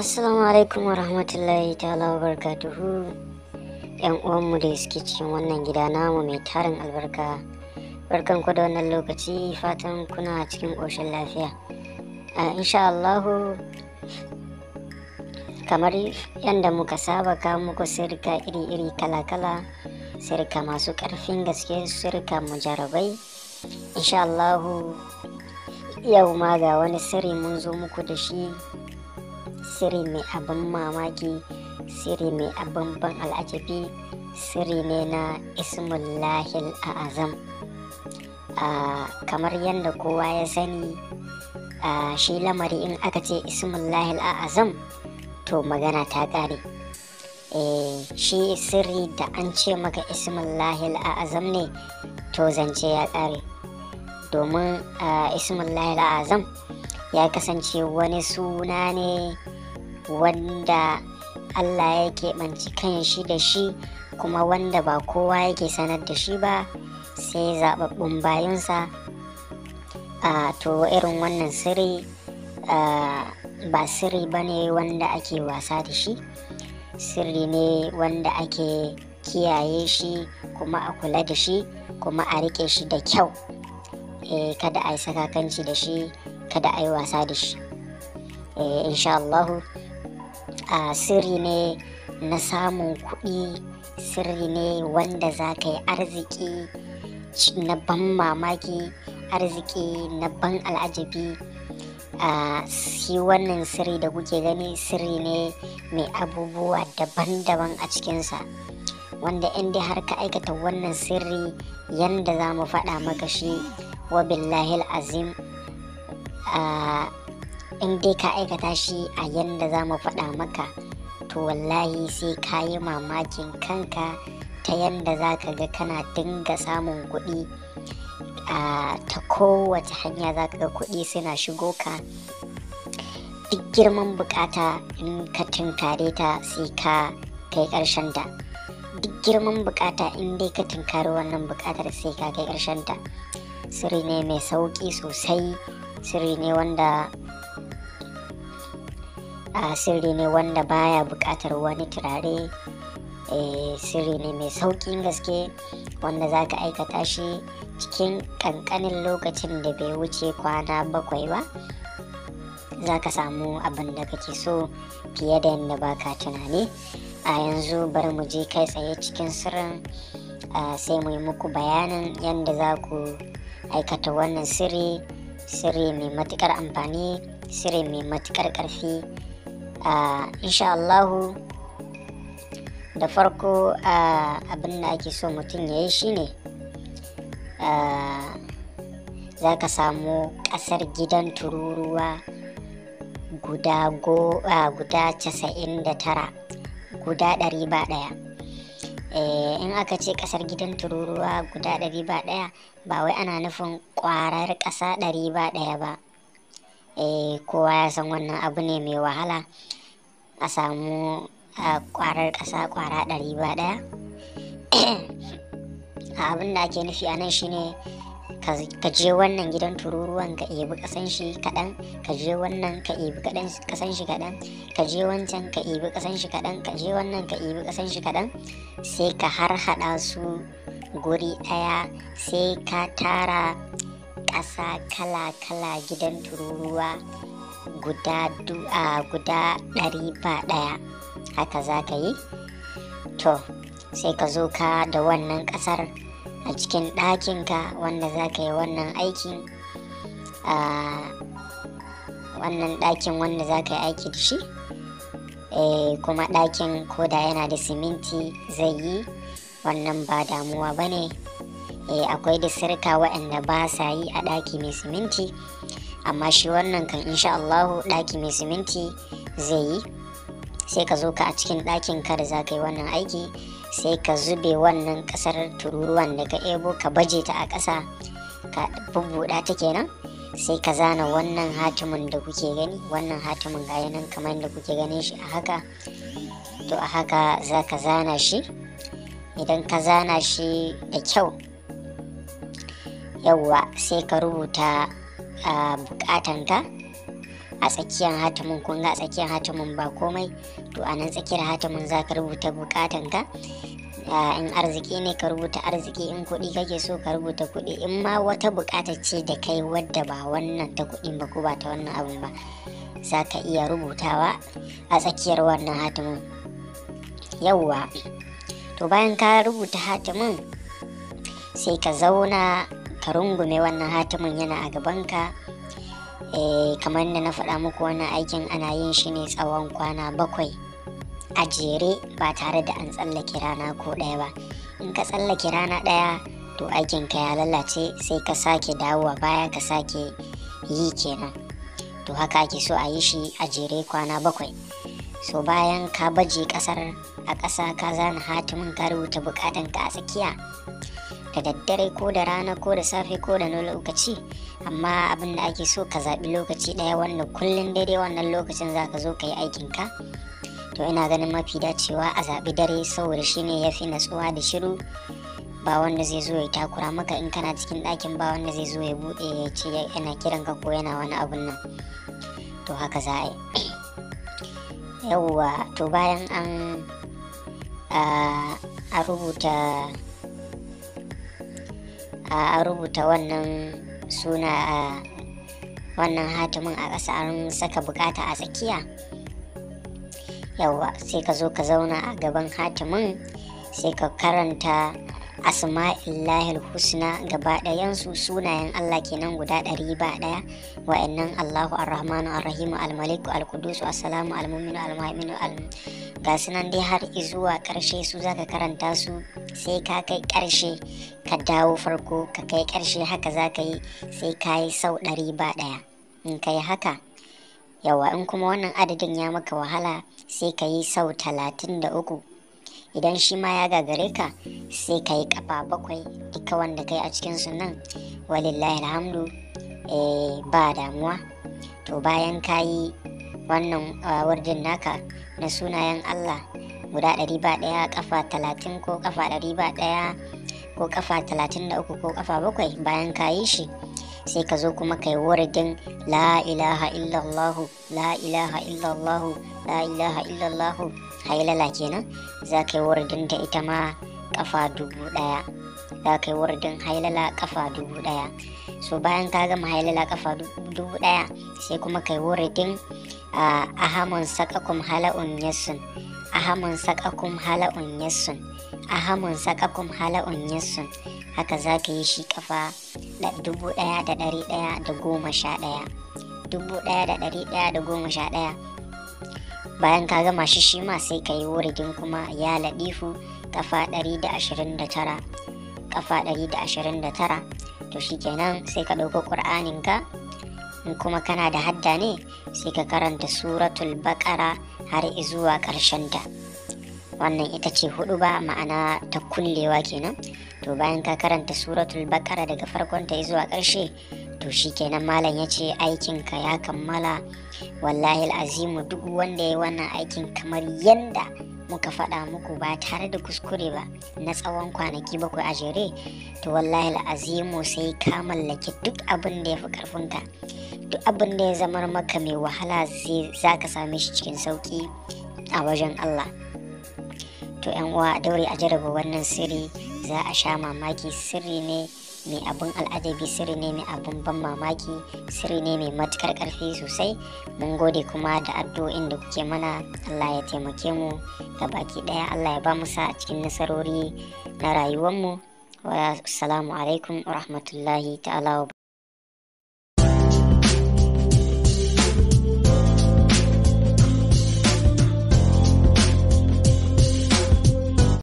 assalamu alaikum wa rahmatullahi ta'ala wa barakatuhu yan uwanmu da suke cikin wannan gida namu mai tarin albarka barkan ku da wannan lokaci fatan kuna cikin ƙoshin lafiya insha Allahu kamar yadda muka saba ka muku sirka iri-iri kala-kala sirka masu ƙarfin gaske sirka mujarabai insha Allahu yau ma ga wani sirri mun zo muku da shi siri mai abin mamaki siri mai abin ban al'ajabi siri ne na ismullahil a'azam kamar yadda kowa ya sani shi lamari in aka ce ismullahil a'azam to magana ta kare e, shi sirri da an ce maka ismullahil a'azam ne to zance ya kare domin ismullahil a'azam ya kasance wani suna ne wanda Allah ya keɓanci kan shi da shi kuma wanda ba kowa yake sanar da shi ba sai zaɓaɓɓun bayansa a to irin wannan sirri ba sirri ba ne wanda ake wasa da shi sirri ne wanda ake kiyaye shi kuma a kula da shi kuma a riƙe shi da kyau eh, kada a yi sakakanci da shi kada a yi wasa da shi eh, insha Allahu sirri ne na samun kuɗi sirri ne wanda za ka yi arziki na ban mamaki arziki na ban al'ajabi shi wannan sirri da kuke gani sirri ne mai abubuwa daban-daban a cikinsa wanda inda har ka aikata wannan sirri yanda za mu faɗa maka shi wa billahi azim in dai ka aikata shi a yadda za mu faɗa maka to wallahi sai ka yi mamakin kanka ta yadda za ka ga kana dinga samun kuɗi ta kowace hanya za ka ga kuɗi suna shigo ka duk girman bukata in ka tunkare ta sai ka kai ƙarshen ta duk girman bukata in dai ka tunkari wannan bukatar sai ka kai ƙarshen ta sirri ne mai sauki sosai sirri ne wanda a sirri ne wanda baya buƙatar wani turare eh, sirri ne mai sauƙi gaske wanda za ka aikata shi cikin ƙanƙanin lokacin da bai wuce kwana bakwai ba za ka samu abin da kake so fiye da yadda ka tunani a yanzu bari mu je kai tsaye cikin sirrin sai mu yi muku bayanin yadda za ku aikata wannan sirri sirri mai matukar amfani sirri mai matukar karfi ah, insha Allahu da farko ah, abin da ake so mutum ya yi shine ah, za ka samu ƙasar gidan tururuwa guda casa'in da tara guda 100 ba ɗaya Eh, in aka ce kasar gidan tururuwa guda ɗari ba ɗaya ba wai ana nufin ƙwarar ƙasa ɗari ba ɗaya ba eh, kowa ya san wannan abu ne mai wahala a samu ƙwarar ƙasa ƙwara ɗari ba ɗaya abin da ake nufi a nan shine ka je wannan gidan tururuwan ka ebi kasan shi kaɗan ka je wannan ka ebi kasan shi kaɗan ka je wancan ka ebi kasan shi kaɗan ka je wannan ka ebi kasan shi kaɗan sai ka har haɗa su guri ɗaya sai ka tara ƙasa kala-kala gidan tururuwa guda guda ɗari ba ɗaya haka za ka yi to sai ka zo ka da wannan ƙasar a cikin ɗakinka wanda za ka yi wannan aikin a wannan ɗakin wanda za ka yi aiki da shi eh, kuma ɗakin koda yana da siminti zai yi wannan ba damuwa ba ne eh, akwai da sirka waɗanda ba sa yi a ɗaki mai siminti amma shi wannan kan insha Allahu ɗaki mai siminti zai yi sai ka zo ka a cikin ɗakin ka da za ka yi wannan aiki sai ka zube wannan kasar tururuwan da ka ebo ka baje ta a ƙasa ka bubbuɗa ta kenan sai ka zana wannan hatimin da kuke gani wannan hatimin ga nan kamar da kuke ganin shi a haka to a haka za ka zana shi idan ka zana shi da kyau yauwa sai ka rubuta ah, bukatanka a tsakiyar hatimin kun tsakiyar hatimin ba komai to a nan tsakiyar hatimin za ka rubuta bukatan ka in arziki ne ka rubuta arziki in kuɗi kake so ka rubuta kuɗi in ma wata bukata ce da kai wadda ba wannan ta kuɗin ba ko ba ta wannan abin ba za ka iya rubutawa a tsakiyar wannan hatimin yauwa to bayan ka rubuta hatimin sai ka zauna ka rungume wannan hatimin yana a gabanka Eh, kamar da na faɗa muku wannan aikin ana yin shi ne tsawon kwana bakwai a jere ba tare da an tsallake rana ko ɗaya ba in ka tsallake rana ɗaya to aikin ka ya lalace sai ka sake dawowa baya ka sake yi kenan to haka ake so a yi shi a jere kwana bakwai so bayan ka baje kasar a ƙasa ka zana hatimin ka rubuta bukatanka a tsakiya da daddare ko da rana ko da safe ko da lokaci amma abin da ake so ka zaɓi lokaci ɗaya Wannan kullum daidai wannan lokacin za ka zo ka yi aikinka to ina ganin mafi dacewa a zaɓi dare saboda shine ya fi natsuwa da shiru ba wanda zai zo ya takura maka in kana cikin ɗakin ba wanda zai zo ya buɗe ya ce yana kiran ka ko yana wani abun nan to haka za a yi yauwa to bayan an ah, a rubuta a rubuta wannan suna a wannan hatimin a ƙasa an saka bukata a tsakiya yawa sai ka zo ka zauna a gaban hatimin sai ka karanta asma'illahil husna gaba su sunayen Allah kenan guda ɗari ba ɗaya wa'annan Allahu arrahmanu arrahimu almaliku al assalamu almuminu almuhaiminu al ga nan dai har izuwa ƙarshe su zaka karanta su sai ka kai ƙarshe ka dawo farko ka kai ƙarshe haka zaka yi sai ka yi sau ɗari ba ɗaya in ka yi haka yawa in kuma wannan adadin ya maka wahala sai ka yi sau talatin da uku idan shi ma ya gagare ka sai ka yi kafa bakwai duka wanda kai a cikin sunan walillahi alhamdu eh, ba damuwa to bayan ka yi wannan ah, wurdin naka na sunayen allah guda ɗari ba ɗaya kafa talatin ko kafa ɗari ba ɗaya ko kafa talatin da uku ko kafa bakwai bayan ka yi shi sai ka zo kuma kai waridin la ilaha illallahu la ilaha illallahu la ilaha illallahu hailala kenan za ka yi waridin da ita ma kafa dubu daya za ka yi waridin hailala kafa dubu daya so bayan ka gama hailala kafa dubu daya sai kuma kai waridin ahamun sakakum hala'un yassun ahamun sakakum hala'un yassun a saka kum hala'un yassun haka za ka yi shi kafa dubu daya da ɗari daya da goma sha ɗaya dubu daya da dari daya da goma sha daya bayan ka gama shi shi ma sai ka yi wurgin kuma ya laɗifu kafa dari da ashirin da tara kafa ɗari da ashirin da tara to shi kenan sai ka ɗauko ka in kuma kana da hadda ne sai ka karanta suratul baƙara har izuwa karshen ta wannan ita ce hudu ba ma'ana ta kullewa kenan to bayan ka karanta suratul bakara daga farkon ta zuwa karshe to shi kenan malam ya ce aikinka ya kammala wallahi azimu duk wanda ya yi wannan aikin kamar yanda muka faɗa muku ba tare da kuskure ba na tsawon kwanaki bakwai a jere to wallahi azimu sai ka mallaki duk abin da ya fi karfinka duk abin da ya zamar maka mai wahala za ka same shi cikin sauki a wajen Allah to yan uwa a daure a jarraba wannan sirri za a sha mamaki sirri ne mai abin al'ajabi sirri ne mai abin ban mamaki sirri ne mai matukar karfi sosai mun gode kuma da addu'o'in da kuke mana allah ya taimake mu ga baki daya allah ya ba mu sa a cikin nasarori na rayuwarmu wa salamu alaikum rahmatullahi ta'ala